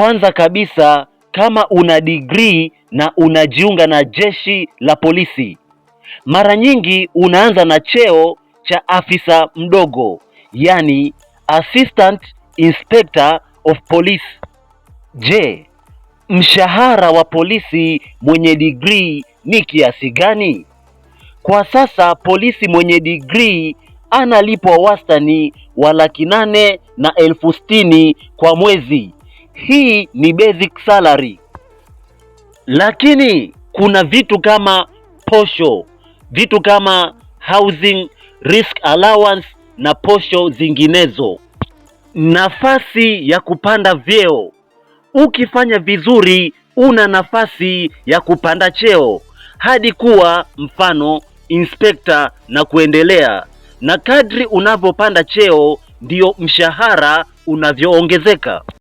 Kwanza kabisa kama una degree na unajiunga na jeshi la polisi, mara nyingi unaanza na cheo cha afisa mdogo, yani assistant inspector of police. Je, mshahara wa polisi mwenye degree ni kiasi gani? Kwa sasa polisi mwenye degree analipwa wastani wa laki nane na elfu sitini kwa mwezi hii ni basic salary, lakini kuna vitu kama posho, vitu kama housing risk allowance na posho zinginezo. Nafasi ya kupanda vyeo, ukifanya vizuri una nafasi ya kupanda cheo hadi kuwa mfano inspekta na kuendelea, na kadri unavyopanda cheo ndiyo mshahara unavyoongezeka.